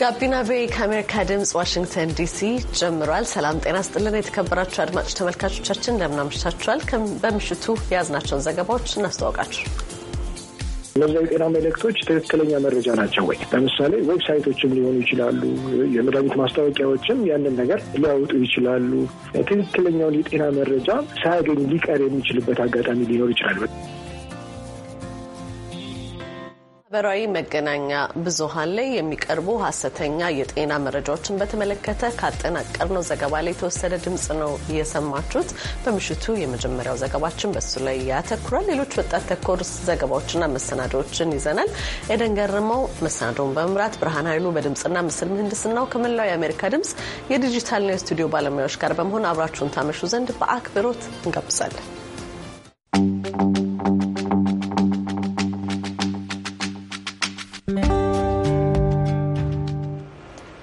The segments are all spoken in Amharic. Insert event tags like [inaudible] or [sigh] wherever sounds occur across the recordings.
ጋቢና ቬ ከአሜሪካ ድምጽ ዋሽንግተን ዲሲ ጀምሯል። ሰላም ጤና ስጥልን። የተከበራችሁ አድማጭ ተመልካቾቻችን እንደምናምሽታችኋል። በምሽቱ የያዝናቸውን ዘገባዎች እናስተዋውቃችሁ። እነዚያ የጤና መልእክቶች ትክክለኛ መረጃ ናቸው ወይ? ለምሳሌ ዌብሳይቶችም ሊሆኑ ይችላሉ። የመድኃኒት ማስታወቂያዎችም ያንን ነገር ሊያወጡ ይችላሉ። ትክክለኛውን የጤና መረጃ ሳያገኝ ሊቀር የሚችልበት አጋጣሚ ሊኖር ይችላል። ማህበራዊ መገናኛ ብዙሀን ላይ የሚቀርቡ ሀሰተኛ የጤና መረጃዎችን በተመለከተ ካጠናቀርነው ዘገባ ላይ የተወሰደ ድምጽ ነው እየሰማችሁት በምሽቱ የመጀመሪያው ዘገባችን በሱ ላይ ያተኩራል። ሌሎች ወጣት ተኮር ዘገባዎችና መሰናዶዎችን ይዘናል። ኤደን ገርመው መሰናዶውን በመምራት ብርሃን ኃይሉ በድምፅና ምስል ምህንድስናው ከመላው የአሜሪካ ድምፅ የዲጂታልና የስቱዲዮ ባለሙያዎች ጋር በመሆን አብራችሁን ታመሹ ዘንድ በአክብሮት እንጋብዛለን።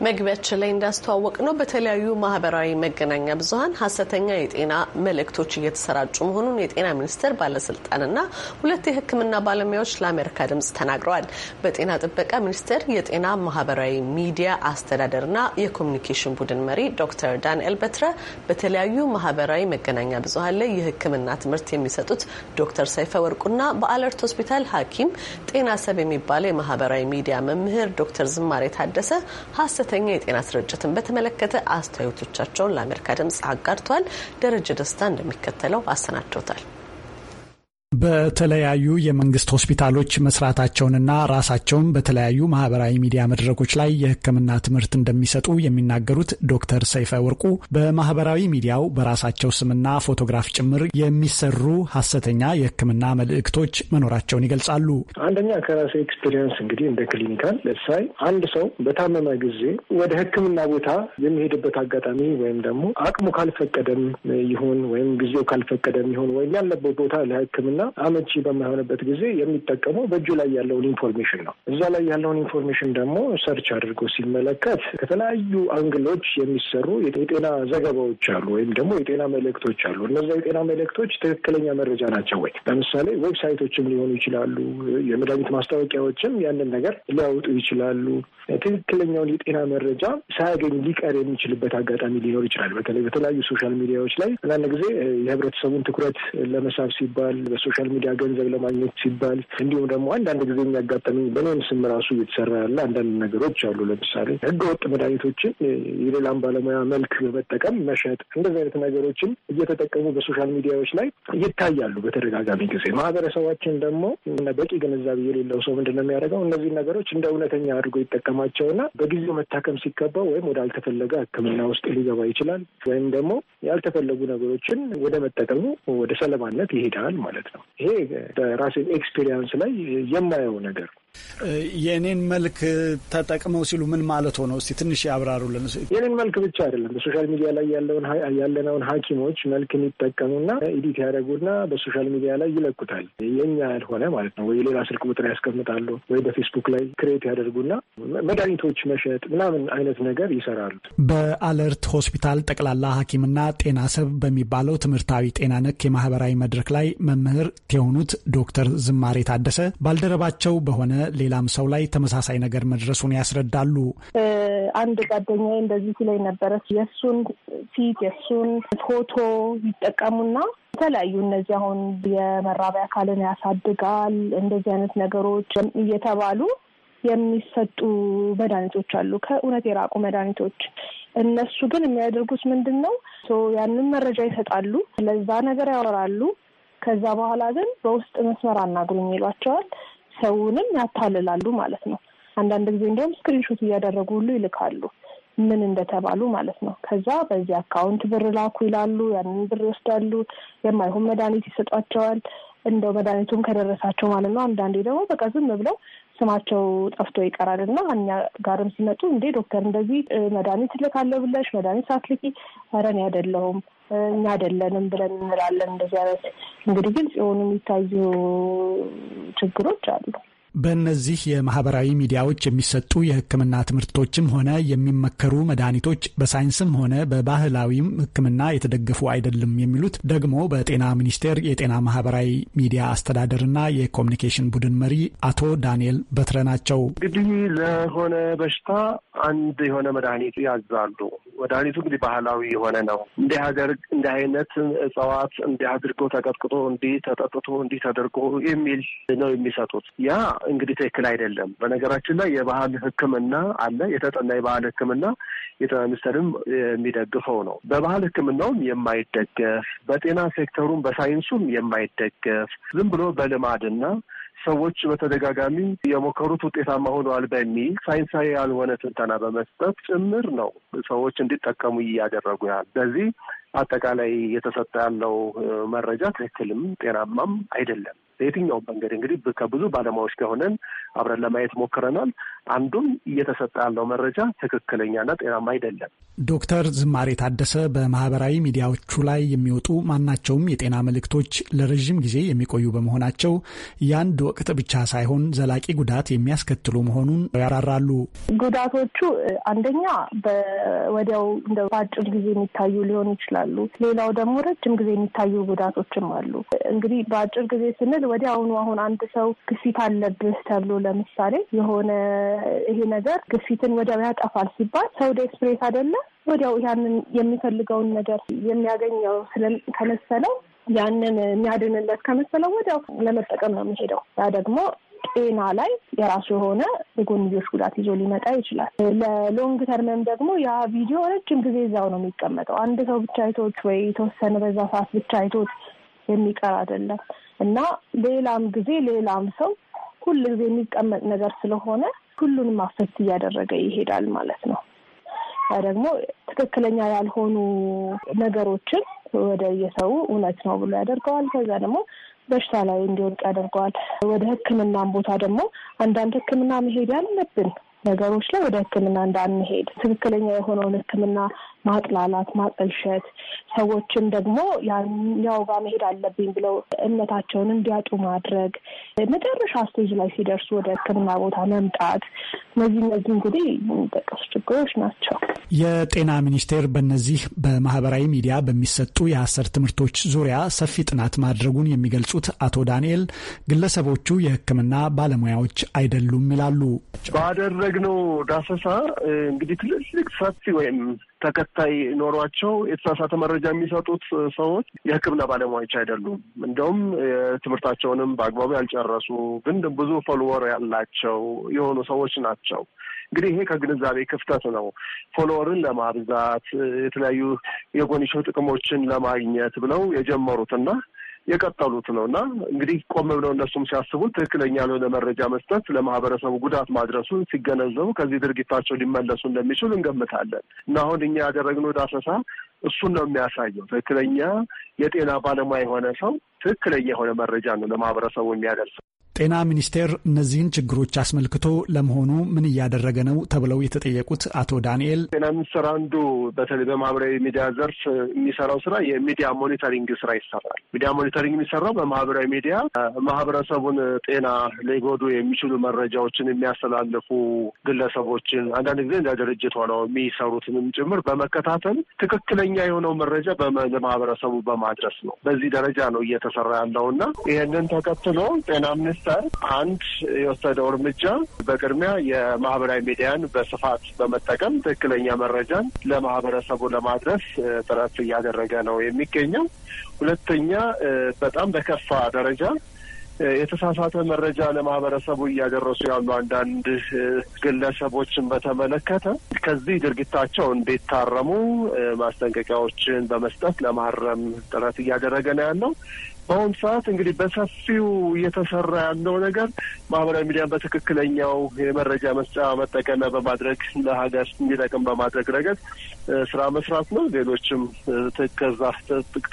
መግቢያችን ላይ እንዳስተዋወቅ ነው በተለያዩ ማህበራዊ መገናኛ ብዙሀን ሀሰተኛ የጤና መልእክቶች እየተሰራጩ መሆኑን የጤና ሚኒስቴር ባለስልጣንና ሁለት የሕክምና ባለሙያዎች ለአሜሪካ ድምጽ ተናግረዋል። በጤና ጥበቃ ሚኒስቴር የጤና ማህበራዊ ሚዲያ አስተዳደርና የኮሚኒኬሽን ቡድን መሪ ዶክተር ዳንኤል በትረ በተለያዩ ማህበራዊ መገናኛ ብዙሀን ላይ የሕክምና ትምህርት የሚሰጡት ዶክተር ሰይፈ ወርቁና በአለርት ሆስፒታል ሐኪም ጤና ሰብ የሚባለው የማህበራዊ ሚዲያ መምህር ዶክተር ዝማሬ ታደሰ ሀሰተ ከፍተኛ የጤና ስርጭትን በተመለከተ አስተያየቶቻቸውን ለአሜሪካ ድምጽ አጋርተዋል። ደረጀ ደስታ እንደሚከተለው አሰናድቶታል። በተለያዩ የመንግስት ሆስፒታሎች መስራታቸውንና ራሳቸውን በተለያዩ ማህበራዊ ሚዲያ መድረኮች ላይ የሕክምና ትምህርት እንደሚሰጡ የሚናገሩት ዶክተር ሰይፈ ወርቁ በማህበራዊ ሚዲያው በራሳቸው ስምና ፎቶግራፍ ጭምር የሚሰሩ ሀሰተኛ የሕክምና መልእክቶች መኖራቸውን ይገልጻሉ። አንደኛ ከራሴ ኤክስፔሪየንስ እንግዲህ እንደ ክሊኒካል ለሳይ አንድ ሰው በታመመ ጊዜ ወደ ሕክምና ቦታ የሚሄድበት አጋጣሚ ወይም ደግሞ አቅሙ ካልፈቀደም ይሁን ወይም ጊዜው ካልፈቀደም ይሁን ወይም ያለበት ቦታ ለሕክምና እና አመቺ በማይሆንበት ጊዜ የሚጠቀመው በእጁ ላይ ያለውን ኢንፎርሜሽን ነው። እዛ ላይ ያለውን ኢንፎርሜሽን ደግሞ ሰርች አድርጎ ሲመለከት ከተለያዩ አንግሎች የሚሰሩ የጤና ዘገባዎች አሉ ወይም ደግሞ የጤና መልእክቶች አሉ። እነዚ የጤና መልእክቶች ትክክለኛ መረጃ ናቸው ወይ? ለምሳሌ ዌብሳይቶችም ሊሆኑ ይችላሉ። የመድኃኒት ማስታወቂያዎችም ያንን ነገር ሊያወጡ ይችላሉ። ትክክለኛውን የጤና መረጃ ሳያገኝ ሊቀር የሚችልበት አጋጣሚ ሊኖር ይችላል። በተለይ በተለያዩ ሶሻል ሚዲያዎች ላይ አንዳንድ ጊዜ የህብረተሰቡን ትኩረት ለመሳብ ሲባል ሶሻል ሚዲያ ገንዘብ ለማግኘት ሲባል እንዲሁም ደግሞ አንዳንድ ጊዜ የሚያጋጠመኝ በእኔም ስም ራሱ እየተሰራ ያለ አንዳንድ ነገሮች አሉ። ለምሳሌ ወጥ መድኃኒቶችን የሌላም ባለሙያ መልክ በመጠቀም መሸጥ፣ እንደዚህ አይነት ነገሮችን እየተጠቀሙ በሶሻል ሚዲያዎች ላይ ይታያሉ በተደጋጋሚ ጊዜ። ማህበረሰባችን ደግሞ በቂ ግንዛቤ የሌለው ሰው ምንድን ነው የሚያደርገው? እነዚህ ነገሮች እንደ እውነተኛ አድርጎ ይጠቀማቸውና በጊዜው መታከም ሲገባው ወይም ወደ አልተፈለገ ሕክምና ውስጥ ሊገባ ይችላል ወይም ደግሞ ያልተፈለጉ ነገሮችን ወደ መጠቀሙ ወደ ሰለባነት ይሄዳል ማለት ነው። ነው። ይሄ በራሴን ኤክስፔሪንስ ላይ የማየው ነገር ነው። የእኔን መልክ ተጠቅመው ሲሉ ምን ማለት ሆነው? እስቲ ትንሽ ያብራሩልን። የእኔን መልክ ብቻ አይደለም። በሶሻል ሚዲያ ላይ ያለውን ያለነውን ሐኪሞች መልክ የሚጠቀሙና ኤዲት ያደረጉና በሶሻል ሚዲያ ላይ ይለኩታል። የኛ ያልሆነ ማለት ነው። ወይ ሌላ ስልክ ቁጥር ያስቀምጣሉ፣ ወይ በፌስቡክ ላይ ክሬት ያደርጉና መድኃኒቶች መሸጥ ምናምን አይነት ነገር ይሰራሉ። በአለርት ሆስፒታል ጠቅላላ ሐኪምና ጤና ሰብ በሚባለው ትምህርታዊ ጤና ነክ የማህበራዊ መድረክ ላይ መምህር ምርት የሆኑት ዶክተር ዝማሬ ታደሰ ባልደረባቸው በሆነ ሌላም ሰው ላይ ተመሳሳይ ነገር መድረሱን ያስረዳሉ። አንድ ጓደኛዬ እንደዚህ ሲለኝ ነበረ። የእሱን ፊት የእሱን ፎቶ ይጠቀሙና የተለያዩ እነዚህ አሁን የመራቢያ አካልን ያሳድጋል እንደዚህ አይነት ነገሮች እየተባሉ የሚሰጡ መድኃኒቶች አሉ፣ ከእውነት የራቁ መድኃኒቶች። እነሱ ግን የሚያደርጉት ምንድን ነው? ያንን መረጃ ይሰጣሉ፣ ለዛ ነገር ያወራሉ። ከዛ በኋላ ግን በውስጥ መስመር አናግሩኝ ይሏቸዋል። ሰውንም ያታልላሉ ማለት ነው። አንዳንድ ጊዜ እንዲሁም ስክሪንሾት እያደረጉ ሁሉ ይልካሉ፣ ምን እንደተባሉ ማለት ነው። ከዛ በዚህ አካውንት ብር ላኩ ይላሉ። ያንን ብር ይወስዳሉ። የማይሆን መድኃኒት ይሰጧቸዋል። እንደው መድኃኒቱም ከደረሳቸው ማለት ነው። አንዳንዴ ደግሞ በቃ ዝም ብለው ስማቸው ጠፍቶ ይቀራል እና እኛ ጋርም ሲመጡ እንዴ ዶክተር እንደዚህ መድኃኒት እልካለሁ ብለሽ መድኃኒት ሳትልኪ ኧረ እኔ አይደለሁም እኛ አይደለንም ብለን እንላለን። እንደዚህ አይነት እንግዲህ ግልጽ የሆኑ የሚታዩ ችግሮች አሉ። በእነዚህ የማህበራዊ ሚዲያዎች የሚሰጡ የሕክምና ትምህርቶችም ሆነ የሚመከሩ መድኃኒቶች በሳይንስም ሆነ በባህላዊም ሕክምና የተደገፉ አይደለም የሚሉት ደግሞ በጤና ሚኒስቴር የጤና ማህበራዊ ሚዲያ አስተዳደርና የኮሚኒኬሽን ቡድን መሪ አቶ ዳንኤል በትረ ናቸው። እንግዲህ ለሆነ በሽታ አንድ የሆነ መድኃኒቱ ያዛሉ። መድኃኒቱ እንግዲህ ባህላዊ የሆነ ነው። እንዲህ አደርግ እንዲህ አይነት እጽዋት እንዲህ አድርጎ ተቀጥቅጦ እንዲህ ተጠጥቶ እንዲህ ተደርጎ የሚል ነው የሚሰጡት ያ እንግዲህ ትክክል አይደለም። በነገራችን ላይ የባህል ሕክምና አለ የተጠና የባህል ሕክምና የጤና ሚኒስቴርም የሚደግፈው ነው። በባህል ሕክምናውም የማይደገፍ በጤና ሴክተሩም በሳይንሱም የማይደገፍ ዝም ብሎ በልማድና ሰዎች በተደጋጋሚ የሞከሩት ውጤታማ ሆነዋል በሚል ሳይንሳዊ ያልሆነ ትንተና በመስጠት ጭምር ነው ሰዎች እንዲጠቀሙ እያደረጉ ያል። ስለዚህ አጠቃላይ እየተሰጠ ያለው መረጃ ትክክልም ጤናማም አይደለም። በየትኛውም መንገድ እንግዲህ ከብዙ ባለሙያዎች ጋር ሆነን አብረን ለማየት ሞክረናል። አንዱም እየተሰጠ ያለው መረጃ ትክክለኛና ጤናማ አይደለም። ዶክተር ዝማሬ ታደሰ በማህበራዊ ሚዲያዎቹ ላይ የሚወጡ ማናቸውም የጤና መልእክቶች ለረዥም ጊዜ የሚቆዩ በመሆናቸው የአንድ ወቅት ብቻ ሳይሆን ዘላቂ ጉዳት የሚያስከትሉ መሆኑን ያራራሉ። ጉዳቶቹ አንደኛ በወዲያው እንደ በአጭር ጊዜ የሚታዩ ሊሆኑ ይችላሉ። ሌላው ደግሞ ረጅም ጊዜ የሚታዩ ጉዳቶችም አሉ። እንግዲህ በአጭር ጊዜ ስንል ወዲያውኑ አሁን አንድ ሰው ግፊት አለብህ ተብሎ ለምሳሌ የሆነ ይሄ ነገር ግፊትን ወዲያው ያጠፋል ሲባል ሰው ዴስፕሬት አይደለ ወዲያው ያንን የሚፈልገውን ነገር የሚያገኘው ከመሰለው ያንን የሚያድንለት ከመሰለው ወዲያው ለመጠቀም ነው የሚሄደው። ያ ደግሞ ጤና ላይ የራሱ የሆነ የጎንዮሽ ጉዳት ይዞ ሊመጣ ይችላል። ለሎንግ ተርመም ደግሞ ያ ቪዲዮ ረጅም ጊዜ እዛው ነው የሚቀመጠው። አንድ ሰው ብቻ አይቶች ወይ የተወሰነ በዛ ሰዓት ብቻ አይቶች የሚቀር አይደለም። እና ሌላም ጊዜ ሌላም ሰው ሁል ጊዜ የሚቀመጥ ነገር ስለሆነ ሁሉንም አፈት እያደረገ ይሄዳል ማለት ነው። ያ ደግሞ ትክክለኛ ያልሆኑ ነገሮችን ወደ የሰው እውነት ነው ብሎ ያደርገዋል። ከዛ ደግሞ በሽታ ላይ እንዲወድቅ ያደርገዋል። ወደ ሕክምናም ቦታ ደግሞ አንዳንድ ሕክምና መሄድ ያለብን ነገሮች ላይ ወደ ሕክምና እንዳንሄድ ትክክለኛ የሆነውን ሕክምና ማጥላላት፣ ማጠልሸት ሰዎችን ደግሞ ያኛው ጋር መሄድ አለብኝ ብለው እምነታቸውን እንዲያጡ ማድረግ፣ መጨረሻ ስቴጅ ላይ ሲደርሱ ወደ ሕክምና ቦታ መምጣት፣ እነዚህ እነዚህ እንግዲህ የሚጠቀሱ ችግሮች ናቸው። የጤና ሚኒስቴር በእነዚህ በማህበራዊ ሚዲያ በሚሰጡ የአስር ትምህርቶች ዙሪያ ሰፊ ጥናት ማድረጉን የሚገልጹት አቶ ዳንኤል ግለሰቦቹ የሕክምና ባለሙያዎች አይደሉም ይላሉ። ባደረግነው ዳሰሳ እንግዲህ ትልልቅ ሰፊ ወይም ተከታይ ኖሯቸው የተሳሳተ መረጃ የሚሰጡት ሰዎች የሕክምና ባለሙያዎች አይደሉም። እንደውም ትምህርታቸውንም በአግባቡ ያልጨረሱ ግን ብዙ ፎሎወር ያላቸው የሆኑ ሰዎች ናቸው። እንግዲህ ይሄ ከግንዛቤ ክፍተት ነው። ፎሎወርን ለማብዛት የተለያዩ የጎንሾ ጥቅሞችን ለማግኘት ብለው የጀመሩትና የቀጠሉት ነው እና እንግዲህ ቆም ብለው እነሱም ሲያስቡ ትክክለኛ ያልሆነ መረጃ መስጠት ለማህበረሰቡ ጉዳት ማድረሱን ሲገነዘቡ ከዚህ ድርጊታቸው ሊመለሱ እንደሚችሉ እንገምታለን እና አሁን እኛ ያደረግነው ዳሰሳ እሱን ነው የሚያሳየው። ትክክለኛ የጤና ባለሙያ የሆነ ሰው ትክክለኛ የሆነ መረጃ ነው ለማህበረሰቡ የሚያደርሰው። ጤና ሚኒስቴር እነዚህን ችግሮች አስመልክቶ ለመሆኑ ምን እያደረገ ነው ተብለው የተጠየቁት አቶ ዳንኤል ጤና ሚኒስቴር አንዱ በተለይ በማህበራዊ ሚዲያ ዘርፍ የሚሰራው ስራ የሚዲያ ሞኒተሪንግ ስራ ይሰራል። ሚዲያ ሞኒተሪንግ የሚሰራው በማህበራዊ ሚዲያ ማህበረሰቡን ጤና ሊጎዱ የሚችሉ መረጃዎችን የሚያስተላልፉ ግለሰቦችን አንዳንድ ጊዜ እንደ ድርጅት ሆነው የሚሰሩትንም ጭምር በመከታተል ትክክለኛ የሆነው መረጃ ለማህበረሰቡ በማድረስ ነው። በዚህ ደረጃ ነው እየተሰራ ያለው እና ይህንን ተከትሎ ጤና ሚኒስ ሲታይ አንድ የወሰደው እርምጃ በቅድሚያ የማህበራዊ ሚዲያን በስፋት በመጠቀም ትክክለኛ መረጃን ለማህበረሰቡ ለማድረስ ጥረት እያደረገ ነው የሚገኘው። ሁለተኛ በጣም በከፋ ደረጃ የተሳሳተ መረጃ ለማህበረሰቡ እያደረሱ ያሉ አንዳንድ ግለሰቦችን በተመለከተ ከዚህ ድርጊታቸው እንዲታረሙ ማስጠንቀቂያዎችን በመስጠት ለማረም ጥረት እያደረገ ነው ያለው። በአሁኑ ሰዓት እንግዲህ በሰፊው እየተሰራ ያለው ነገር ማህበራዊ ሚዲያን በትክክለኛው የመረጃ መስጫ መጠቀሚያ በማድረግ ለሀገር እንዲጠቅም በማድረግ ረገድ ስራ መስራት ነው። ሌሎችም ከዛ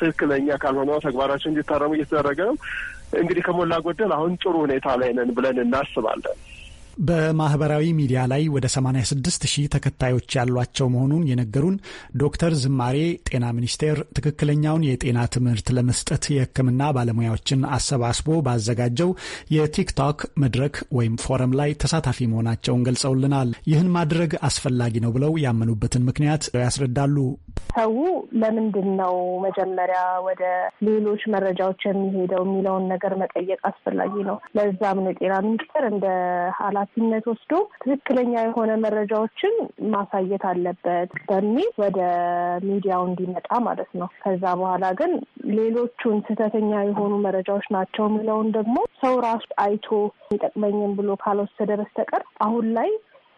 ትክክለኛ ካልሆነ ተግባራቸው እንዲታረሙ እየተደረገ ነው። እንግዲህ ከሞላ ጎደል አሁን ጥሩ ሁኔታ ላይ ነን ብለን እናስባለን። በማህበራዊ ሚዲያ ላይ ወደ 86 ሺህ ተከታዮች ያሏቸው መሆኑን የነገሩን ዶክተር ዝማሬ ጤና ሚኒስቴር ትክክለኛውን የጤና ትምህርት ለመስጠት የሕክምና ባለሙያዎችን አሰባስቦ ባዘጋጀው የቲክቶክ መድረክ ወይም ፎረም ላይ ተሳታፊ መሆናቸውን ገልጸውልናል። ይህን ማድረግ አስፈላጊ ነው ብለው ያመኑበትን ምክንያት ያስረዳሉ። ሰው ለምንድን ነው መጀመሪያ ወደ ሌሎች መረጃዎች የሚሄደው የሚለውን ነገር መጠየቅ አስፈላጊ ነው። ለዛም ነው ሚኒስቴር እንደ ኃላፊነት ወስዶ ትክክለኛ የሆነ መረጃዎችን ማሳየት አለበት በሚል ወደ ሚዲያው እንዲመጣ ማለት ነው። ከዛ በኋላ ግን ሌሎቹን ስህተተኛ የሆኑ መረጃዎች ናቸው የሚለውን ደግሞ ሰው ራሱ አይቶ ይጠቅመኝም ብሎ ካልወሰደ በስተቀር አሁን ላይ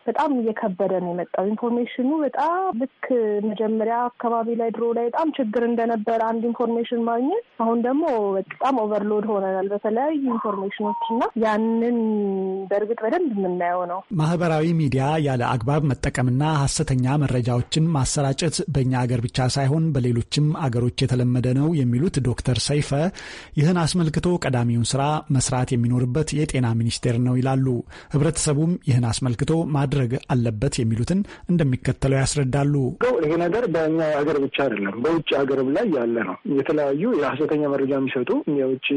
በጣም እየከበደ ነው የመጣው። ኢንፎርሜሽኑ በጣም ልክ መጀመሪያ አካባቢ ላይ ድሮ ላይ በጣም ችግር እንደነበረ አንድ ኢንፎርሜሽን ማግኘት፣ አሁን ደግሞ በጣም ኦቨርሎድ ሆነናል በተለያዩ ኢንፎርሜሽኖች እና ያንን በእርግጥ በደንብ የምናየው ነው። ማህበራዊ ሚዲያ ያለ አግባብ መጠቀምና ሀሰተኛ መረጃዎችን ማሰራጨት በእኛ ሀገር ብቻ ሳይሆን በሌሎችም አገሮች የተለመደ ነው የሚሉት ዶክተር ሰይፈ ይህን አስመልክቶ ቀዳሚውን ስራ መስራት የሚኖርበት የጤና ሚኒስቴር ነው ይላሉ። ህብረተሰቡም ይህን አስመልክቶ ማድረግ ማድረግ አለበት የሚሉትን እንደሚከተለው ያስረዳሉ። ይሄ ነገር በእኛ ሀገር ብቻ አይደለም፣ በውጭ ሀገርም ላይ ያለ ነው። የተለያዩ የሀሰተኛ መረጃ የሚሰጡ የውጭ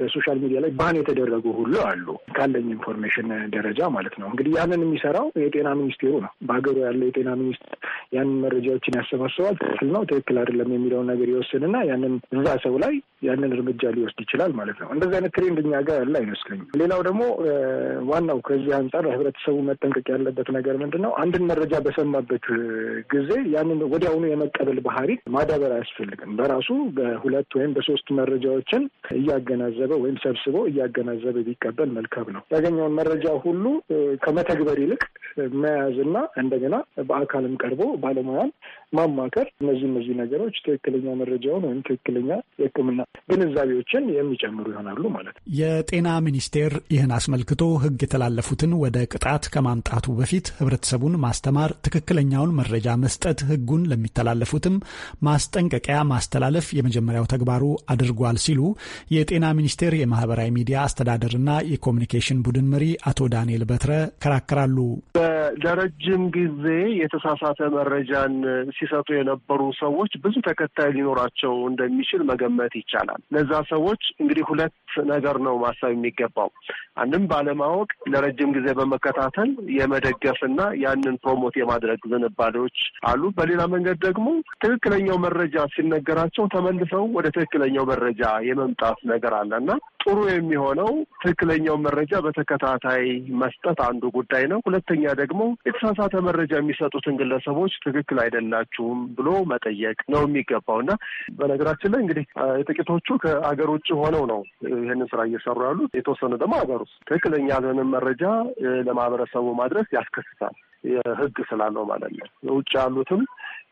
በሶሻል ሚዲያ ላይ ባን የተደረጉ ሁሉ አሉ፣ ካለኝ ኢንፎርሜሽን ደረጃ ማለት ነው። እንግዲህ ያንን የሚሰራው የጤና ሚኒስቴሩ ነው። በሀገሩ ያለው የጤና ሚኒስቴር ያንን መረጃዎችን ያሰባስባል። ትክክል ነው ትክክል አይደለም የሚለውን ነገር ይወስንና ያንን እዛ ሰው ላይ ያንን እርምጃ ሊወስድ ይችላል ማለት ነው። እንደዚህ አይነት ትሬንድ እኛ ጋር ያለ አይመስለኝም። ሌላው ደግሞ ዋናው ከዚህ አንጻር ህብረተሰቡ መጠንቀቅ መጠንቀቅ ያለበት ነገር ምንድን ነው? አንድን መረጃ በሰማበት ጊዜ ያንን ወዲያውኑ የመቀበል ባህሪ ማዳበር አያስፈልግም። በራሱ በሁለት ወይም በሶስት መረጃዎችን እያገናዘበ ወይም ሰብስቦ እያገናዘበ ቢቀበል መልካም ነው። ያገኘውን መረጃ ሁሉ ከመተግበር ይልቅ መያዝና እንደገና በአካልም ቀርቦ ባለሙያን ማማከር፣ እነዚህ እነዚህ ነገሮች ትክክለኛ መረጃውን ወይም ትክክለኛ የሕክምና ግንዛቤዎችን የሚጨምሩ ይሆናሉ ማለት ነው። የጤና ሚኒስቴር ይህን አስመልክቶ ሕግ የተላለፉትን ወደ ቅጣት ከማምጣት ከመምጣቱ በፊት ህብረተሰቡን ማስተማር፣ ትክክለኛውን መረጃ መስጠት፣ ህጉን ለሚተላለፉትም ማስጠንቀቂያ ማስተላለፍ የመጀመሪያው ተግባሩ አድርጓል ሲሉ የጤና ሚኒስቴር የማህበራዊ ሚዲያ አስተዳደርና የኮሚኒኬሽን ቡድን መሪ አቶ ዳንኤል በትረ ይከራከራሉ። ለረጅም ጊዜ የተሳሳተ መረጃን ሲሰጡ የነበሩ ሰዎች ብዙ ተከታይ ሊኖራቸው እንደሚችል መገመት ይቻላል። ለዛ ሰዎች እንግዲህ ሁለት ነገር ነው ማሰብ የሚገባው። አንድም ባለማወቅ ለረጅም ጊዜ በመከታተል የመደገፍ ያንን ፕሮሞት የማድረግ ዝንባሌዎች አሉ። በሌላ መንገድ ደግሞ ትክክለኛው መረጃ ሲነገራቸው ተመልሰው ወደ ትክክለኛው መረጃ የመምጣት ነገር አለና ጥሩ የሚሆነው ትክክለኛው መረጃ በተከታታይ መስጠት አንዱ ጉዳይ ነው። ሁለተኛ ደግሞ የተሳሳተ መረጃ የሚሰጡትን ግለሰቦች ትክክል አይደላችሁም ብሎ መጠየቅ ነው የሚገባው እና በነገራችን ላይ እንግዲህ የጥቂቶቹ ከአገር ውጭ ሆነው ነው ይህንን ስራ እየሰሩ ያሉት፣ የተወሰኑ ደግሞ አገር ውስጥ ትክክለኛ ያለንን መረጃ ለማህበረሰቡ ማድረስ ያስከስታል። ህግ ስላለው ማለት ነው። የውጭ ያሉትም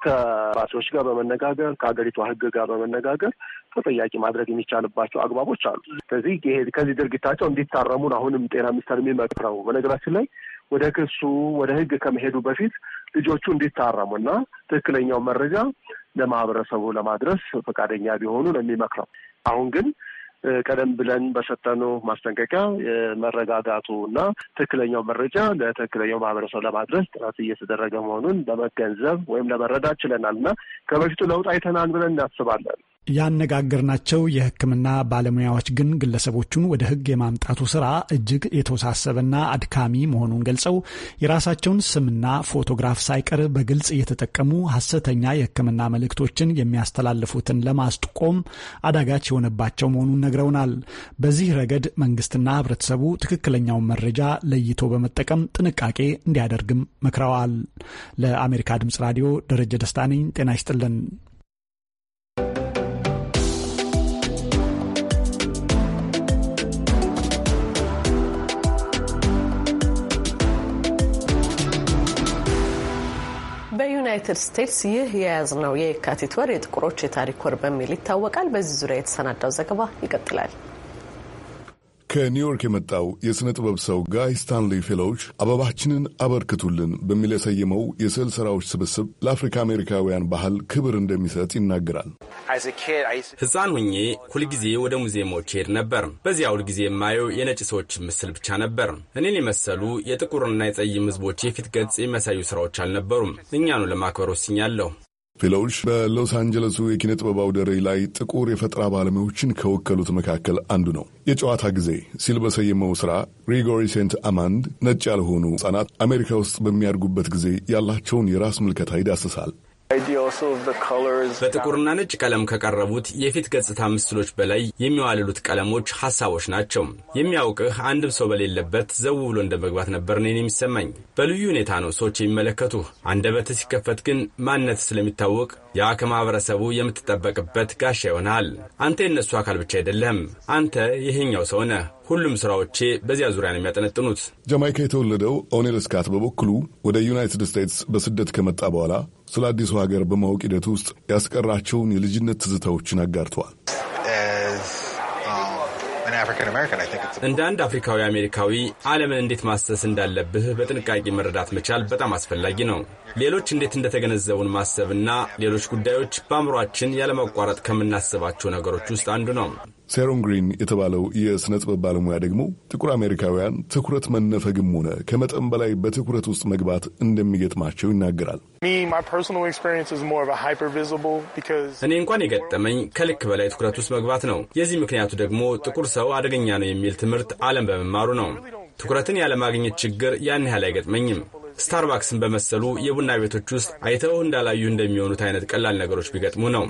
ከኤምባሲዎች ጋር በመነጋገር ከሀገሪቷ ህግ ጋር በመነጋገር ተጠያቂ ማድረግ የሚቻልባቸው አግባቦች አሉ። ስለዚህ ይሄ ከዚህ ድርጊታቸው እንዲታረሙን አሁንም ጤና ሚኒስቴር የሚመክረው በነገራችን ላይ ወደ ክሱ ወደ ህግ ከመሄዱ በፊት ልጆቹ እንዲታረሙና ትክክለኛው መረጃ ለማህበረሰቡ ለማድረስ ፈቃደኛ ቢሆኑ ነው የሚመክረው። አሁን ግን ቀደም ብለን በሰጠነው ማስጠንቀቂያ የመረጋጋቱ እና ትክክለኛው መረጃ ለትክክለኛው ማህበረሰብ ለማድረስ ጥረት እየተደረገ መሆኑን ለመገንዘብ ወይም ለመረዳት ችለናል እና ከበፊቱ ለውጥ አይተናል ብለን እናስባለን። ያነጋገርናቸው የሕክምና ባለሙያዎች ግን ግለሰቦቹን ወደ ሕግ የማምጣቱ ስራ እጅግ የተወሳሰበና አድካሚ መሆኑን ገልጸው የራሳቸውን ስምና ፎቶግራፍ ሳይቀር በግልጽ እየተጠቀሙ ሐሰተኛ የሕክምና መልእክቶችን የሚያስተላልፉትን ለማስጥቆም አዳጋች የሆነባቸው መሆኑን ነግረውናል። በዚህ ረገድ መንግስትና ህብረተሰቡ ትክክለኛውን መረጃ ለይቶ በመጠቀም ጥንቃቄ እንዲያደርግም መክረዋል። ለአሜሪካ ድምጽ ራዲዮ ደረጀ ደስታ ነኝ። ጤና ይስጥልን። በዩናይትድ ስቴትስ ይህ የያዝነው የካቲት ወር የጥቁሮች የታሪክ ወር በሚል ይታወቃል። በዚህ ዙሪያ የተሰናዳው ዘገባ ይቀጥላል። ከኒውዮርክ የመጣው የሥነ ጥበብ ሰው ጋይ ስታንሊ ፌሎች አበባችንን አበርክቱልን በሚል የሰየመው የስዕል ሥራዎች ስብስብ ለአፍሪካ አሜሪካውያን ባህል ክብር እንደሚሰጥ ይናገራል። ሕፃን ሁኜ ሁልጊዜ ወደ ሙዚየሞች ሄድ ነበር። በዚያ ሁልጊዜ የማየው የነጭ ሰዎችን ምስል ብቻ ነበር። እኔን የመሰሉ የጥቁርና የጸይም ሕዝቦች የፊት ገጽ የሚያሳዩ ሥራዎች አልነበሩም። እኛኑ ለማክበር ወስኛለሁ። ፌሎውሽ በሎስ አንጀለሱ የኪነ ጥበብ አውደ ርዕይ ላይ ጥቁር የፈጠራ ባለሙያዎችን ከወከሉት መካከል አንዱ ነው። የጨዋታ ጊዜ ሲል በሰየመው ስራ ግሪጎሪ ሴንት አማንድ ነጭ ያልሆኑ ሕጻናት አሜሪካ ውስጥ በሚያድጉበት ጊዜ ያላቸውን የራስ ምልከታ ይዳስሳል። በጥቁርና ነጭ ቀለም ከቀረቡት የፊት ገጽታ ምስሎች በላይ የሚዋልሉት ቀለሞች ሀሳቦች ናቸው። የሚያውቅህ አንድም ሰው በሌለበት ዘው ብሎ እንደ መግባት ነበር እኔን የሚሰማኝ። በልዩ ሁኔታ ነው ሰዎች የሚመለከቱህ። በት ሲከፈት ግን ማንነት ስለሚታወቅ ያ ማህበረሰቡ የምትጠበቅበት ጋሻ ይሆናል። አንተ የእነሱ አካል ብቻ አይደለህም። አንተ ይሄኛው ሰው ነህ። ሁሉም ስራዎቼ በዚያ ዙሪያ ነው የሚያጠነጥኑት። ጃማይካ የተወለደው ኦኔል ስካት በበኩሉ ወደ ዩናይትድ ስቴትስ በስደት ከመጣ በኋላ ስለ አዲሱ ሀገር በማወቅ ሂደት ውስጥ ያስቀራቸውን የልጅነት ትዝታዎችን አጋርተዋል። እንደ አንድ አፍሪካዊ አሜሪካዊ ዓለምን እንዴት ማሰስ እንዳለብህ በጥንቃቄ መረዳት መቻል በጣም አስፈላጊ ነው። ሌሎች እንዴት እንደተገነዘቡን ማሰብና ሌሎች ጉዳዮች በአእምሯችን ያለመቋረጥ ከምናስባቸው ነገሮች ውስጥ አንዱ ነው። ሴሮን ግሪን የተባለው የሥነ ጥበብ ባለሙያ ደግሞ ጥቁር አሜሪካውያን ትኩረት መነፈግም ሆነ ከመጠን በላይ በትኩረት ውስጥ መግባት እንደሚገጥማቸው ይናገራል። እኔ እንኳን የገጠመኝ ከልክ በላይ ትኩረት ውስጥ መግባት ነው። የዚህ ምክንያቱ ደግሞ ጥቁር ሰው ሰው አደገኛ ነው የሚል ትምህርት ዓለም በመማሩ ነው። ትኩረትን ያለማግኘት ችግር ያን ያህል አይገጥመኝም። ስታርባክስን በመሰሉ የቡና ቤቶች ውስጥ አይተው እንዳላዩ እንደሚሆኑት አይነት ቀላል ነገሮች ቢገጥሙ ነው።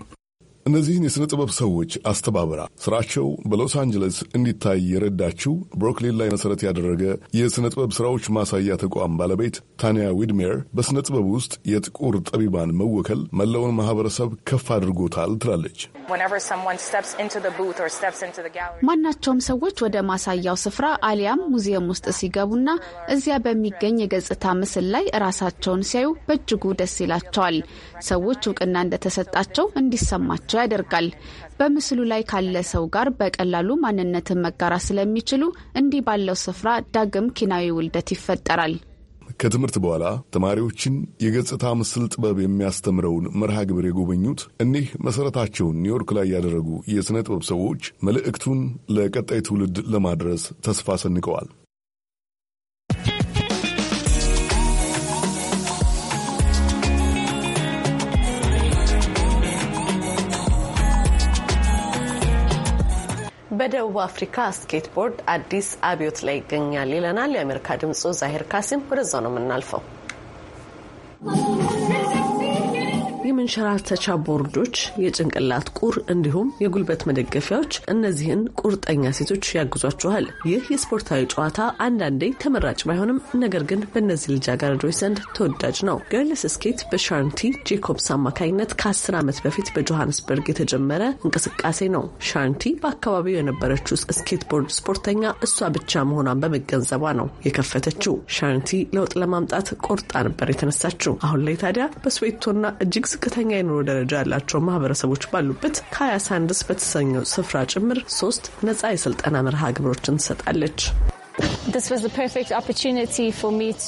እነዚህን የሥነ ጥበብ ሰዎች አስተባብራ ስራቸው በሎስ አንጀለስ እንዲታይ የረዳችው ብሮክሊን ላይ መሠረት ያደረገ የሥነ ጥበብ ሥራዎች ማሳያ ተቋም ባለቤት ታንያ ዊድሜር በሥነ ጥበብ ውስጥ የጥቁር ጠቢባን መወከል መላውን ማኅበረሰብ ከፍ አድርጎታል ትላለች። ማናቸውም ሰዎች ወደ ማሳያው ስፍራ አሊያም ሙዚየም ውስጥ ሲገቡና እዚያ በሚገኝ የገጽታ ምስል ላይ ራሳቸውን ሲያዩ በእጅጉ ደስ ይላቸዋል። ሰዎች እውቅና እንደተሰጣቸው እንዲሰማቸው ያደርጋል። በምስሉ ላይ ካለ ሰው ጋር በቀላሉ ማንነትን መጋራ ስለሚችሉ እንዲህ ባለው ስፍራ ዳግም ኪናዊ ውልደት ይፈጠራል። ከትምህርት በኋላ ተማሪዎችን የገጽታ ምስል ጥበብ የሚያስተምረውን መርሃ ግብር የጎበኙት እኒህ መሠረታቸውን ኒውዮርክ ላይ ያደረጉ የሥነ ጥበብ ሰዎች መልእክቱን ለቀጣይ ትውልድ ለማድረስ ተስፋ ሰንቀዋል። በደቡብ አፍሪካ ስኬትቦርድ አዲስ አብዮት ላይ ይገኛል ይለናል የአሜሪካ ድምጹ ዛሄር ካሲም። ወደዛው ነው የምናልፈው። የመንሸራተቻ ቦርዶች፣ የጭንቅላት ቁር እንዲሁም የጉልበት መደገፊያዎች እነዚህን ቁርጠኛ ሴቶች ያግዟችኋል። ይህ የስፖርታዊ ጨዋታ አንዳንዴ ተመራጭ ባይሆንም ነገር ግን በእነዚህ ልጃገረዶች ዘንድ ተወዳጅ ነው። ገርልስ ስኬት በሻርንቲ ጄኮብስ አማካኝነት ከአስር ዓመት በፊት በጆሃንስበርግ የተጀመረ እንቅስቃሴ ነው። ሻርንቲ በአካባቢው የነበረችው ስኬት ቦርድ ስፖርተኛ እሷ ብቻ መሆኗን በመገንዘቧ ነው የከፈተችው። ሻንቲ ለውጥ ለማምጣት ቆርጣ ነበር የተነሳችው። አሁን ላይ ታዲያ በስዌቶና እጅግ ዝቅ ዝቅተኛ የኑሮ ደረጃ ያላቸው ማህበረሰቦች ባሉበት ከሀያ ሳንድስ በተሰኘው ስፍራ ጭምር ሶስት ነጻ የስልጠና መርሃ ግብሮችን ትሰጣለች።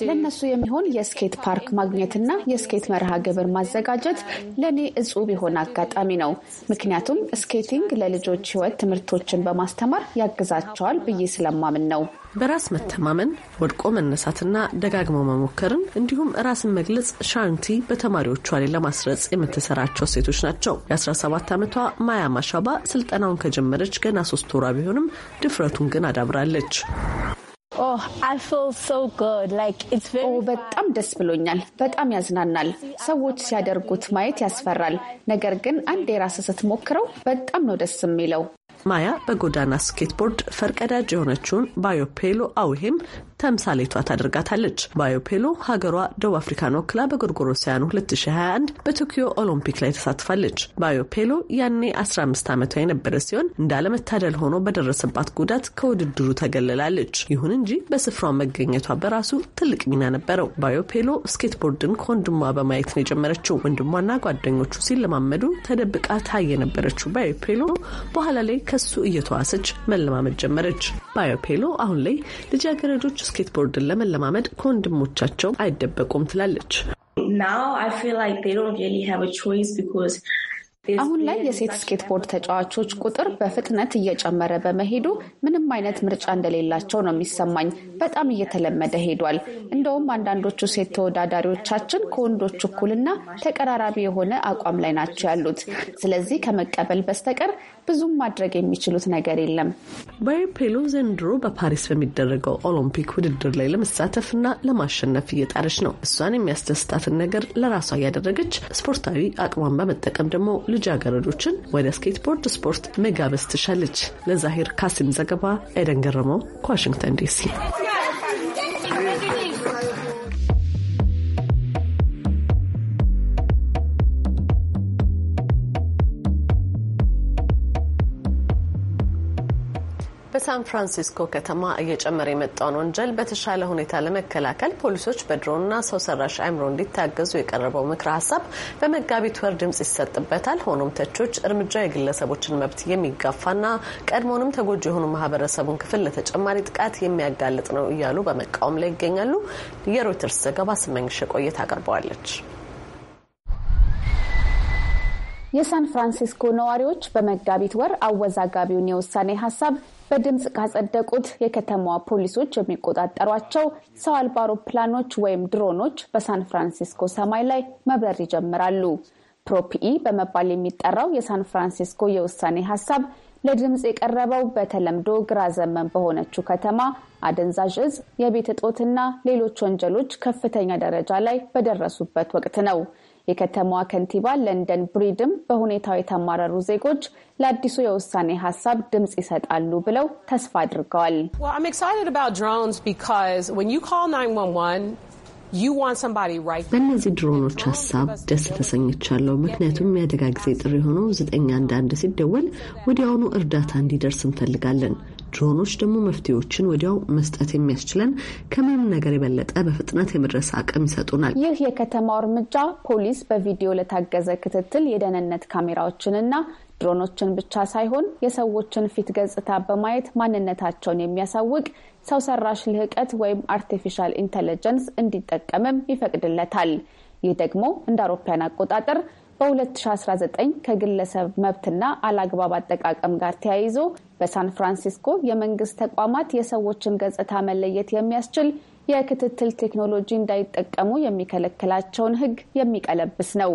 ለእነሱ የሚሆን የስኬት ፓርክ ማግኘትና የስኬት መርሃ ግብር ማዘጋጀት ለእኔ እጹብ የሆነ አጋጣሚ ነው። ምክንያቱም ስኬቲንግ ለልጆች ሕይወት ትምህርቶችን በማስተማር ያግዛቸዋል ብዬ ስለማምን ነው። በራስ መተማመን፣ ወድቆ መነሳትና ደጋግሞ መሞከርን እንዲሁም ራስን መግለጽ ሻንቲ በተማሪዎቿ ላይ ለማስረጽ የምትሰራቸው ሴቶች ናቸው። የ17 ዓመቷ ማያ ማሻባ ስልጠናውን ከጀመረች ገና ሶስት ወሯ ቢሆንም ድፍረቱን ግን አዳብራለች። Oh, ኦ በጣም ደስ ብሎኛል። በጣም ያዝናናል። ሰዎች ሲያደርጉት ማየት ያስፈራል። ነገር ግን አንድ የራስ ስትሞክረው በጣም ነው ደስ የሚለው። ማያ በጎዳና ስኬትቦርድ ፈርቀዳጅ የሆነችውን ባዮፔሎ አውሄም ተምሳሌቷ ታደርጋታለች። ባዮፔሎ ሀገሯ ደቡብ አፍሪካን ወክላ በጎርጎሮሳውያኑ 2021 በቶኪዮ ኦሎምፒክ ላይ ተሳትፋለች። ባዮፔሎ ያኔ 15 ዓመቷ የነበረ ሲሆን እንዳለመታደል ሆኖ በደረሰባት ጉዳት ከውድድሩ ተገልላለች። ይሁን እንጂ በስፍራው መገኘቷ በራሱ ትልቅ ሚና ነበረው። ባዮፔሎ ስኬትቦርድን ከወንድሟ በማየት ነው የጀመረችው። ወንድሟና ጓደኞቹ ሲለማመዱ ተደብቃ ታይ የነበረችው ባዮፔሎ በኋላ ላይ ከሱ እየተዋሰች መለማመድ ጀመረች። ባዮፔሎ አሁን ላይ ልጃገረዶች ስኬትቦርድን ለመለማመድ ከወንድሞቻቸው አይደበቁም ትላለች። አሁን ላይ የሴት ስኬትቦርድ ተጫዋቾች ቁጥር በፍጥነት እየጨመረ በመሄዱ ምንም አይነት ምርጫ እንደሌላቸው ነው የሚሰማኝ። በጣም እየተለመደ ሄዷል። እንደውም አንዳንዶቹ ሴት ተወዳዳሪዎቻችን ከወንዶች እኩልና ተቀራራቢ የሆነ አቋም ላይ ናቸው ያሉት። ስለዚህ ከመቀበል በስተቀር ብዙም ማድረግ የሚችሉት ነገር የለም። ባዮፔሎ ዘንድሮ በፓሪስ በሚደረገው ኦሎምፒክ ውድድር ላይ ለመሳተፍና ለማሸነፍ እየጣረች ነው። እሷን የሚያስደስታትን ነገር ለራሷ እያደረገች ስፖርታዊ አቅሟን በመጠቀም ደግሞ ልጃገረዶችን ወደ ስኬትቦርድ ስፖርት መጋበዝ ትሻለች። ለዛሄር ካሲም ዘገባ ኤደን ገረመው ከዋሽንግተን ዲሲ በሳን ፍራንሲስኮ ከተማ እየጨመረ የመጣውን ወንጀል በተሻለ ሁኔታ ለመከላከል ፖሊሶች በድሮንና ሰው ሰራሽ አእምሮ እንዲታገዙ የቀረበው ምክረ ሀሳብ በመጋቢት ወር ድምጽ ይሰጥበታል። ሆኖም ተቾች እርምጃው የግለሰቦችን መብት የሚጋፋና ቀድሞንም ተጎጂ የሆኑ ማህበረሰቡን ክፍል ለተጨማሪ ጥቃት የሚያጋልጥ ነው እያሉ በመቃወም ላይ ይገኛሉ። የሮይተርስ ዘገባ ስመኝሽ ቆየት አቅርበዋለች። የሳን ፍራንሲስኮ ነዋሪዎች በመጋቢት ወር አወዛጋቢውን የውሳኔ ሀሳብ በድምፅ ካጸደቁት የከተማዋ ፖሊሶች የሚቆጣጠሯቸው ሰው አልባ አውሮፕላኖች ወይም ድሮኖች በሳን ፍራንሲስኮ ሰማይ ላይ መብረር ይጀምራሉ። ፕሮፒኢ በመባል የሚጠራው የሳን ፍራንሲስኮ የውሳኔ ሀሳብ ለድምፅ የቀረበው በተለምዶ ግራ ዘመን በሆነችው ከተማ አደንዛዥ እጽ፣ የቤት እጦትና ሌሎች ወንጀሎች ከፍተኛ ደረጃ ላይ በደረሱበት ወቅት ነው። የከተማዋ ከንቲባ ለንደን ብሪድም በሁኔታው የተማረሩ ዜጎች ለአዲሱ የውሳኔ ሀሳብ ድምፅ ይሰጣሉ ብለው ተስፋ አድርገዋል። በእነዚህ ድሮኖች ሀሳብ ደስ ተሰኝቻለሁ። ምክንያቱም የአደጋ ጊዜ ጥሪ ሆኖ ዘጠኝ አንድ አንድ ሲደወል ወዲያውኑ እርዳታ እንዲደርስ እንፈልጋለን። ድሮኖች ደግሞ መፍትሄዎችን ወዲያው መስጠት የሚያስችለን ከምንም ነገር የበለጠ በፍጥነት የመድረስ አቅም ይሰጡናል። ይህ የከተማው እርምጃ ፖሊስ በቪዲዮ ለታገዘ ክትትል የደህንነት ካሜራዎችንና ድሮኖችን ብቻ ሳይሆን የሰዎችን ፊት ገጽታ በማየት ማንነታቸውን የሚያሳውቅ ሰው ሰራሽ ልህቀት ወይም አርቲፊሻል ኢንተለጀንስ እንዲጠቀምም ይፈቅድለታል። ይህ ደግሞ እንደ አውሮፓውያን አቆጣጠር በ2019 ከግለሰብ መብትና አላግባብ አጠቃቀም ጋር ተያይዞ በሳን ፍራንሲስኮ የመንግስት ተቋማት የሰዎችን ገጽታ መለየት የሚያስችል የክትትል ቴክኖሎጂ እንዳይጠቀሙ የሚከለክላቸውን ሕግ የሚቀለብስ ነው።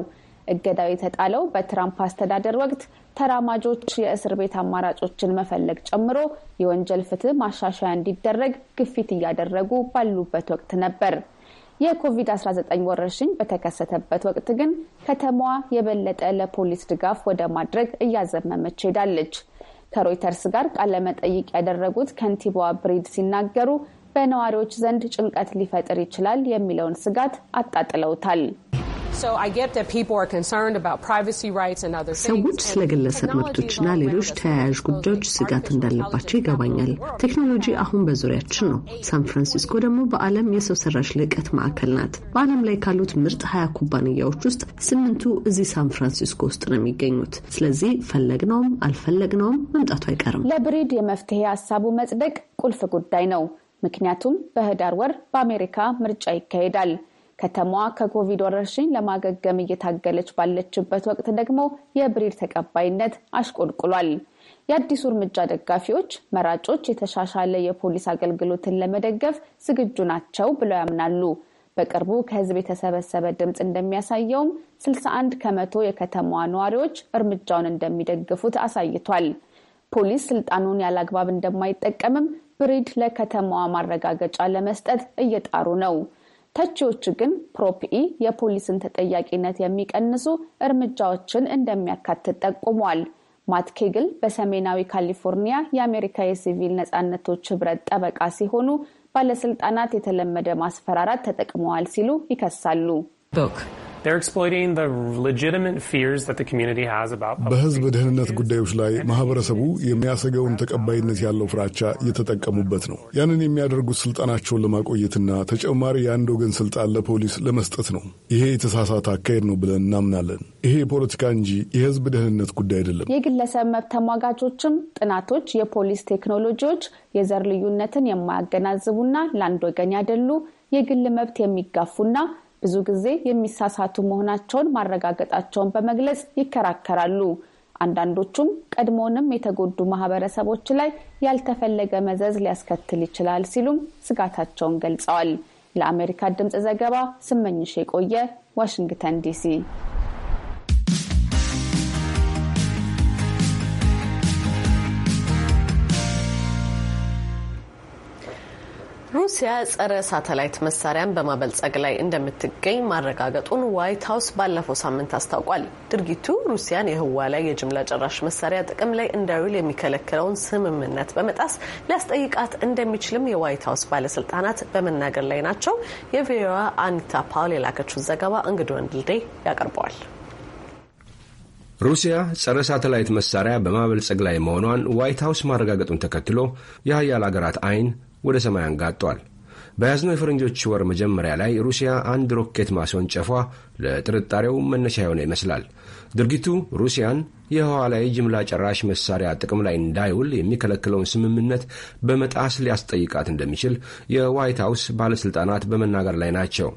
እገዳው የተጣለው በትራምፕ አስተዳደር ወቅት ተራማጆች የእስር ቤት አማራጮችን መፈለግ ጨምሮ የወንጀል ፍትህ ማሻሻያ እንዲደረግ ግፊት እያደረጉ ባሉበት ወቅት ነበር። የኮቪድ-19 ወረርሽኝ በተከሰተበት ወቅት ግን ከተማዋ የበለጠ ለፖሊስ ድጋፍ ወደ ማድረግ እያዘመመች ሄዳለች። ከሮይተርስ ጋር ቃለመጠይቅ ያደረጉት ከንቲባዋ ብሪድ ሲናገሩ በነዋሪዎች ዘንድ ጭንቀት ሊፈጥር ይችላል የሚለውን ስጋት አጣጥለውታል። ሰዎች ስለ ግለሰብ መብቶችና ሌሎች ተያያዥ ጉዳዮች ስጋት እንዳለባቸው ይገባኛል። ቴክኖሎጂ አሁን በዙሪያችን ነው። ሳን ፍራንሲስኮ ደግሞ በዓለም የሰው ሰራሽ ልዕቀት ማዕከል ናት። በዓለም ላይ ካሉት ምርጥ ሀያ ኩባንያዎች ውስጥ ስምንቱ እዚህ ሳን ፍራንሲስኮ ውስጥ ነው የሚገኙት። ስለዚህ ፈለግነውም አልፈለግነውም መምጣቱ አይቀርም። ለብሪድ የመፍትሄ ሀሳቡ መጽደቅ ቁልፍ ጉዳይ ነው። ምክንያቱም በህዳር ወር በአሜሪካ ምርጫ ይካሄዳል። ከተማዋ ከኮቪድ ወረርሽኝ ለማገገም እየታገለች ባለችበት ወቅት ደግሞ የብሬል ተቀባይነት አሽቆልቁሏል። የአዲሱ እርምጃ ደጋፊዎች መራጮች የተሻሻለ የፖሊስ አገልግሎትን ለመደገፍ ዝግጁ ናቸው ብለው ያምናሉ። በቅርቡ ከህዝብ የተሰበሰበ ድምፅ እንደሚያሳየውም 61 ከመቶ የከተማዋ ነዋሪዎች እርምጃውን እንደሚደግፉት አሳይቷል። ፖሊስ ስልጣኑን ያለአግባብ እንደማይጠቀምም ብሪድ ለከተማዋ ማረጋገጫ ለመስጠት እየጣሩ ነው። ተቺዎቹ ግን ፕሮፕኢ የፖሊስን ተጠያቂነት የሚቀንሱ እርምጃዎችን እንደሚያካትት ጠቁሟል። ማት ኬግል በሰሜናዊ ካሊፎርኒያ የአሜሪካ የሲቪል ነጻነቶች ህብረት ጠበቃ ሲሆኑ ባለስልጣናት የተለመደ ማስፈራራት ተጠቅመዋል ሲሉ ይከሳሉ። በህዝብ ደህንነት ጉዳዮች ላይ ማህበረሰቡ [laughs] የሚያሰገውን ተቀባይነት ያለው ፍራቻ እየተጠቀሙበት ነው። ያንን የሚያደርጉት ስልጣናቸውን ለማቆየትና ተጨማሪ የአንድ ወገን ስልጣን ለፖሊስ ለመስጠት ነው። ይሄ የተሳሳተ አካሄድ ነው ብለን እናምናለን። ይሄ የፖለቲካ እንጂ የህዝብ ደህንነት ጉዳይ አይደለም። የግለሰብ መብት ተሟጋቾችም ጥናቶች የፖሊስ ቴክኖሎጂዎች የዘር ልዩነትን የማያገናዝቡና ለአንድ ወገን ያደሉ የግል መብት የሚጋፉና ብዙ ጊዜ የሚሳሳቱ መሆናቸውን ማረጋገጣቸውን በመግለጽ ይከራከራሉ። አንዳንዶቹም ቀድሞውንም የተጎዱ ማህበረሰቦች ላይ ያልተፈለገ መዘዝ ሊያስከትል ይችላል ሲሉም ስጋታቸውን ገልጸዋል። ለአሜሪካ ድምፅ ዘገባ ስመኝሽ የቆየ ዋሽንግተን ዲሲ። ሩሲያ ጸረ ሳተላይት መሳሪያን በማበልጸግ ላይ እንደምትገኝ ማረጋገጡን ዋይት ሀውስ ባለፈው ሳምንት አስታውቋል። ድርጊቱ ሩሲያን የህዋ ላይ የጅምላ ጨራሽ መሳሪያ ጥቅም ላይ እንዳይውል የሚከለክለውን ስምምነት በመጣስ ሊያስጠይቃት እንደሚችልም የዋይት ሀውስ ባለስልጣናት በመናገር ላይ ናቸው። የቪኦኤዋ አኒታ ፓውል የላከችው ዘገባ እንግድ ወንድልዴ ያቀርበዋል። ሩሲያ ጸረ ሳተላይት መሳሪያ በማበልጸግ ላይ መሆኗን ዋይት ሀውስ ማረጋገጡን ተከትሎ የሀያል አገራት አይን ወደ ሰማይ አንጋጧል። በያዝነው የፈረንጆች ወር መጀመሪያ ላይ ሩሲያ አንድ ሮኬት ማስወንጨፏ ለጥርጣሬው መነሻ የሆነ ይመስላል። ድርጊቱ ሩሲያን የህዋ ላይ ጅምላ ጨራሽ መሳሪያ ጥቅም ላይ እንዳይውል የሚከለክለውን ስምምነት በመጣስ ሊያስጠይቃት እንደሚችል የዋይት ሀውስ ባለሥልጣናት በመናገር ላይ ናቸው።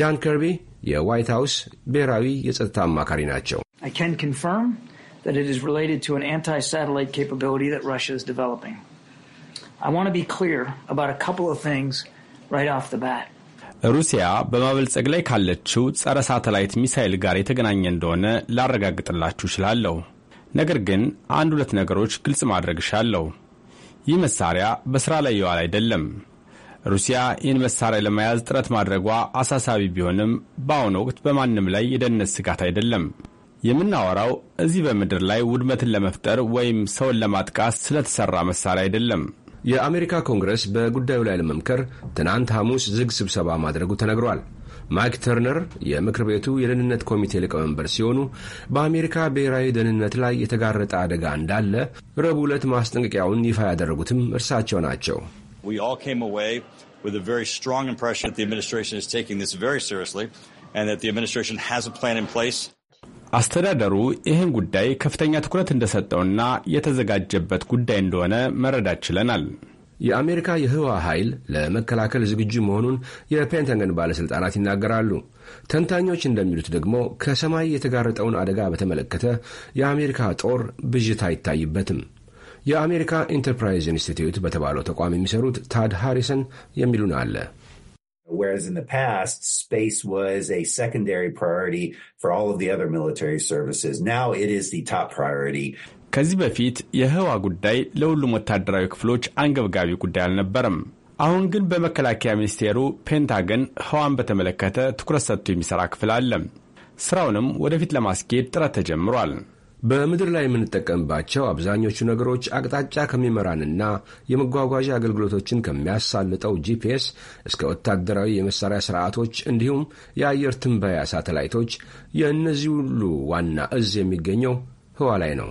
ጃን ከርቢ የዋይት ሀውስ ብሔራዊ የጸጥታ አማካሪ ናቸው። I can confirm that it is related to an anti-satellite capability that Russia is developing. I want to be clear about a couple of things right off the bat. ሩሲያ በማበልጸግ ላይ ካለችው ጸረ ሳተላይት ሚሳይል ጋር የተገናኘ እንደሆነ ላረጋግጥላችሁ እችላለሁ። ነገር ግን አንድ ሁለት ነገሮች ግልጽ ማድረግ እሻለሁ። ይህ መሳሪያ በሥራ ላይ የዋል አይደለም። ሩሲያ ይህን መሳሪያ ለመያዝ ጥረት ማድረጓ አሳሳቢ ቢሆንም በአሁኑ ወቅት በማንም ላይ የደህንነት ስጋት አይደለም። የምናወራው እዚህ በምድር ላይ ውድመትን ለመፍጠር ወይም ሰውን ለማጥቃት ስለተሠራ መሳሪያ አይደለም። የአሜሪካ ኮንግረስ በጉዳዩ ላይ ለመምከር ትናንት ሐሙስ ዝግ ስብሰባ ማድረጉ ተነግሯል። ማይክ ተርነር የምክር ቤቱ የደህንነት ኮሚቴ ሊቀመንበር ሲሆኑ በአሜሪካ ብሔራዊ ደህንነት ላይ የተጋረጠ አደጋ እንዳለ ረቡዕ ዕለት ማስጠንቀቂያውን ይፋ ያደረጉትም እርሳቸው ናቸው። አስተዳደሩ ይህን ጉዳይ ከፍተኛ ትኩረት እንደሰጠውና የተዘጋጀበት ጉዳይ እንደሆነ መረዳት ችለናል። የአሜሪካ የህዋ ኃይል ለመከላከል ዝግጁ መሆኑን የፔንታገን ባለሥልጣናት ይናገራሉ። ተንታኞች እንደሚሉት ደግሞ ከሰማይ የተጋረጠውን አደጋ በተመለከተ የአሜሪካ ጦር ብዥታ አይታይበትም። የአሜሪካ ኢንተርፕራይዝ ኢንስቲትዩት በተባለው ተቋም የሚሰሩት ታድ ሃሪሰን የሚሉን አለ Whereas in the past, space was a secondary priority for all of the other military services. Now it is the top priority. ከዚህ በፊት የህዋ ጉዳይ ለሁሉም ወታደራዊ ክፍሎች አንገብጋቢ ጉዳይ አልነበረም። አሁን ግን በመከላከያ ሚኒስቴሩ ፔንታገን ህዋን በተመለከተ ትኩረት ሰጥቶ የሚሠራ ክፍል አለ። ሥራውንም ወደፊት ለማስኬድ ጥረት ተጀምሯል። በምድር ላይ የምንጠቀምባቸው አብዛኞቹ ነገሮች አቅጣጫ ከሚመራንና የመጓጓዣ አገልግሎቶችን ከሚያሳልጠው ጂፒኤስ እስከ ወታደራዊ የመሳሪያ ስርዓቶች እንዲሁም የአየር ትንበያ ሳተላይቶች የእነዚህ ሁሉ ዋና እዝ የሚገኘው ህዋ ላይ ነው።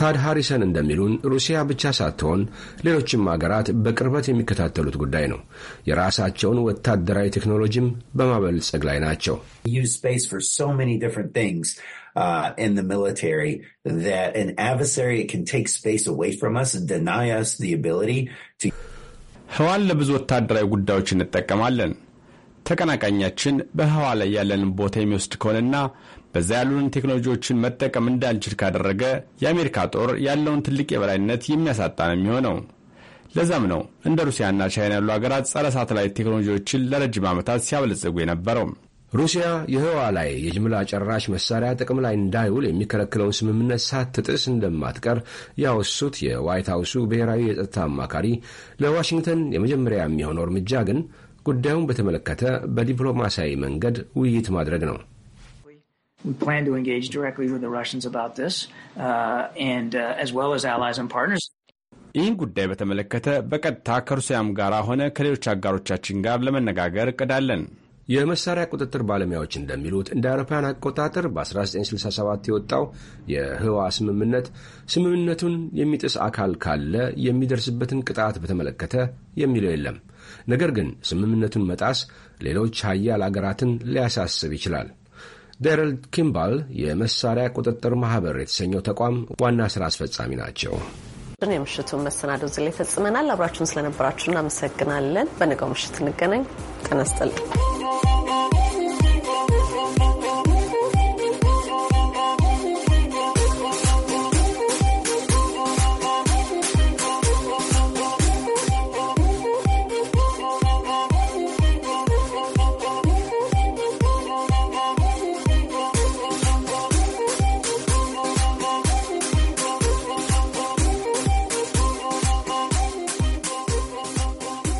ታድ ሃሪሰን እንደሚሉን ሩሲያ ብቻ ሳትሆን ሌሎችም አገራት በቅርበት የሚከታተሉት ጉዳይ ነው። የራሳቸውን ወታደራዊ ቴክኖሎጂም በማበልጸግ ላይ ናቸው። uh, in the military that an adversary can take space away from us and deny us the ability to. ህዋን ለብዙ ወታደራዊ ጉዳዮች እንጠቀማለን። ተቀናቃኛችን በህዋ ላይ ያለንን ቦታ የሚወስድ ከሆነና በዛ ያሉንን ቴክኖሎጂዎችን መጠቀም እንዳንችል ካደረገ የአሜሪካ ጦር ያለውን ትልቅ የበላይነት የሚያሳጣ ነው የሚሆነው። ለዛም ነው እንደ ሩሲያና ቻይና ያሉ ሀገራት ጸረ ሳተላይት ቴክኖሎጂዎችን ለረጅም ዓመታት ሲያበለጽጉ የነበረው። ሩሲያ የህዋ ላይ የጅምላ ጨራሽ መሳሪያ ጥቅም ላይ እንዳይውል የሚከለክለውን ስምምነት ሳትጥስ እንደማትቀር ያወሱት የዋይት ሀውሱ ብሔራዊ የጸጥታ አማካሪ ለዋሽንግተን የመጀመሪያ የሚሆነው እርምጃ ግን ጉዳዩን በተመለከተ በዲፕሎማሲያዊ መንገድ ውይይት ማድረግ ነው። uh, uh, ይህን ጉዳይ በተመለከተ በቀጥታ ከሩሲያም ጋር ሆነ ከሌሎች አጋሮቻችን ጋር ለመነጋገር እቅዳለን። የመሳሪያ ቁጥጥር ባለሙያዎች እንደሚሉት እንደ አውሮፓውያን አቆጣጠር በ1967 የወጣው የህዋ ስምምነት ስምምነቱን የሚጥስ አካል ካለ የሚደርስበትን ቅጣት በተመለከተ የሚለው የለም። ነገር ግን ስምምነቱን መጣስ ሌሎች ሀያል አገራትን ሊያሳስብ ይችላል። ደረል ኪምባል የመሳሪያ ቁጥጥር ማህበር የተሰኘው ተቋም ዋና ስራ አስፈጻሚ ናቸው። የምሽቱን መሰናዶ እዚህ ላይ ፈጽመናል። አብራችሁን ስለነበራችሁ እናመሰግናለን። በነገው ምሽት እንገናኝ። ጤና ይስጥልኝ።